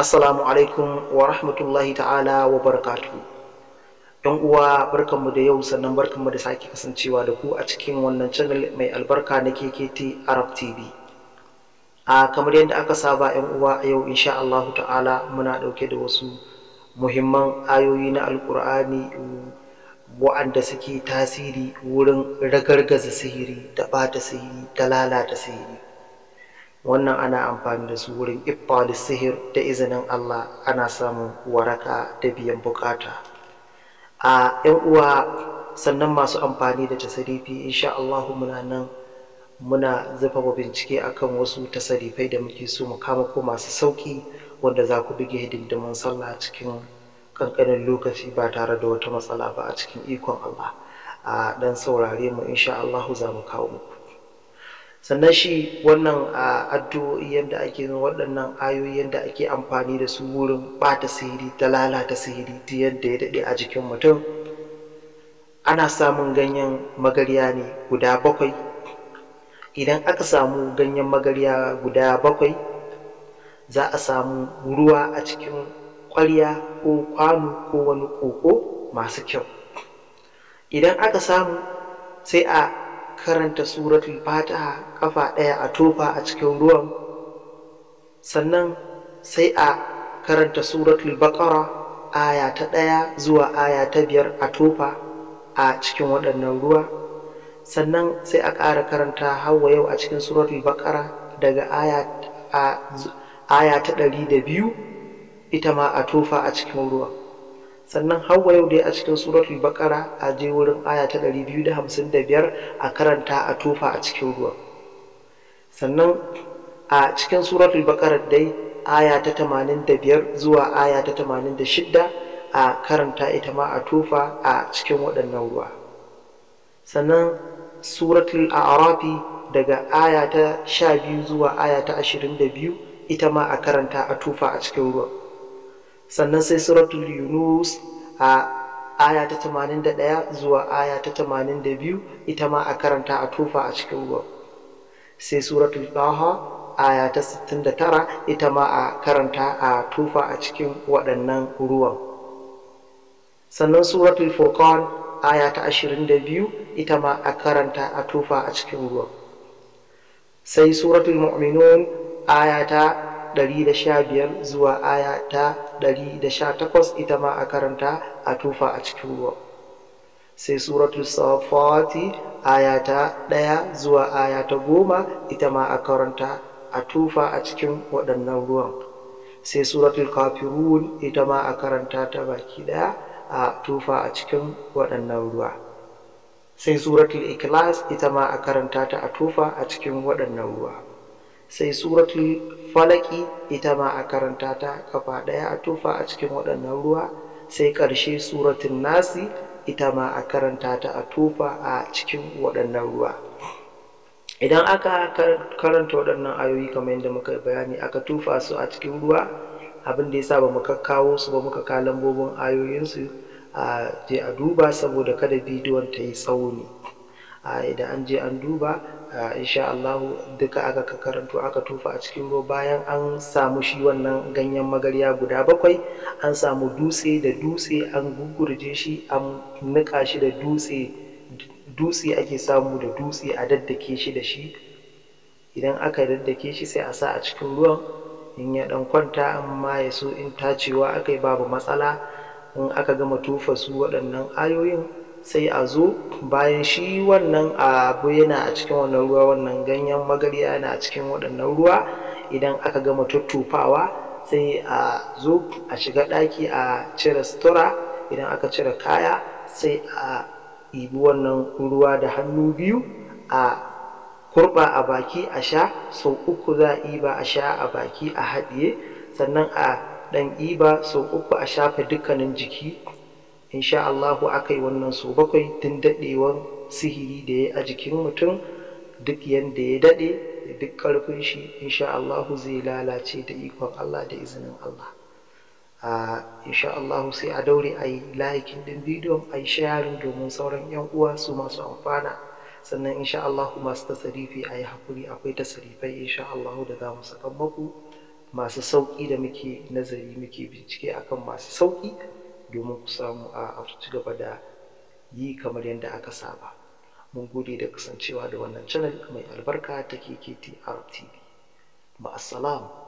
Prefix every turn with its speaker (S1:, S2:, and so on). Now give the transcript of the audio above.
S1: assalamu alaikum wa rahmatullahi ta'ala wa barakatu yan uwa barkanmu da yau sannan barkanmu da sake kasancewa da ku a cikin wannan channel mai albarka na KKT Arab TV a kamar yadda aka saba yan uwa a yau insha Allah ta'ala muna dauke da wasu muhimman ayoyi na alkur'ani wa'anda suke tasiri wurin ragargaza sihiri da bata sihiri da lalata sihiri wannan ana amfani da su wurin iffali sihir da izinin Allah ana samun waraka da biyan bukata a yan uwa sannan masu amfani da tasarifi insha Allah muna nan muna zuba bincike akan wasu tasarifai da muke so mu kama ko masu sauki wanda za ku buge hidindimin sallah cikin kankanin lokaci ba tare da wata matsala ba a cikin ikon Allah a dan saurare mu insha Allah za mu kawo muku sannan shi wannan addu'o'i yadda ake yin waɗannan ayoyi yadda ake amfani da su wurin ɓata sihiri ta lalata sihiri ta yadda ya daɗe a jikin mutum ana samun ganyen magarya ne guda bakwai idan aka samu ganyen magarya guda bakwai za a samu ruwa a cikin ƙwarya ko kwano ko wani ƙoƙo masu kyau idan aka samu sai a karanta suratul fatiha kafa ɗaya a tofa a cikin ruwan sannan sai a karanta suratul baƙara aya ta ɗaya zuwa aya ta biyar a tofa a cikin waɗannan ruwa sannan sai a ƙara karanta hawa yau a cikin suratul baƙara daga aya ta ɗari da biyu ita ma a tofa a cikin ruwan sannan hawa yau dai a cikin suratul bakara a je wurin aya ta 255 a karanta a tofa a cikin ruwa sannan a cikin suratul bakara dai aya ta 85 zuwa aya ta 86 a karanta ita ma a tofa a cikin waɗannan ruwa sannan suratul a'rafi daga aya ta 12 zuwa aya ta 22 ita ma a karanta a tufa a cikin ruwa. sannan sai suratul yunus a aya ta 81 zuwa aya ta 82 ita ma a karanta a tufa a cikin ruwa sai suratul taha aya ta 69 ita ma a karanta a tufa a cikin waɗannan ruwan sannan suratul furqan aya ta 22 ita ma a karanta a tufa a cikin ruwan sai suratul mu'minun aya ta 115 zuwa aya ta 118 ita ma a karanta a tufa a cikin ruwa sai suratul safati aya ta 1 zuwa aya ta goma ita ma a karanta a tufa a cikin waɗannan ruwan sai suratul kafirun ita ma a karanta ta baki ɗaya a tufa a cikin waɗannan ruwa sai suratul ikhlas ita ma a karanta ta a tufa a cikin waɗannan ruwa sai suratul falaki ita ma a karanta ta kafa ɗaya a tufa a cikin waɗannan ruwa sai ƙarshe suratul nasi ita ma a karanta ta a tufa a cikin waɗannan ruwa idan aka karanta waɗannan ayoyi kamar yadda muka bayani aka tufa su a cikin ruwa abin da ya sa ba mu kawo su ba muka ka lambobin ayoyinsu a je a duba saboda kada bidiyon ta yi tsawo ne idan an je an duba insha Allahu duka aka karanto aka tofa a cikin ruwa bayan an samu shi wannan ganyen magarya guda bakwai an samu dutse da dutse an gugurje shi an nika shi da dutse dutse ake samu da dutse a daddake shi da shi idan aka daddake shi sai a sa a cikin ruwan in ya dan kwanta amma ya so in tacewa aka yi babu matsala in aka gama tofa su waɗannan ayoyin sai a zo bayan shi wannan abu yana a cikin wannan ruwa wannan ganyen magarya yana a cikin waɗannan ruwa idan aka gama tuttufawa sai a zo a shiga ɗaki a cire sutura idan aka cire kaya sai a ibi wannan ruwa da hannu biyu a kurɓa a baki a sha sau uku za a iba a sha a baki a haɗiye sannan a ɗan iba sau uku a shafa dukkanin jiki insha Allahu aka yi wannan so bakwai tun daɗewan sihiri da ya a jikin mutum duk yadda ya daɗe da duk ƙarfin shi insha Allahu zai lalace da ikon Allah da izinin Allah insha Allahu sai a daure a yi laikin ɗin bidiyon a yi sharing domin sauran 'yan uwa su masu amfana sannan insha Allahu masu tasarifi a yi haƙuri akwai tasarifai insha Allahu da za mu saka muku masu sauƙi da muke nazari muke bincike akan masu sauƙi domin ku samu a ci gaba da yi kamar yadda aka saba mun gode da kasancewa da wannan channel mai albarka ta KKTR TV ma'assalam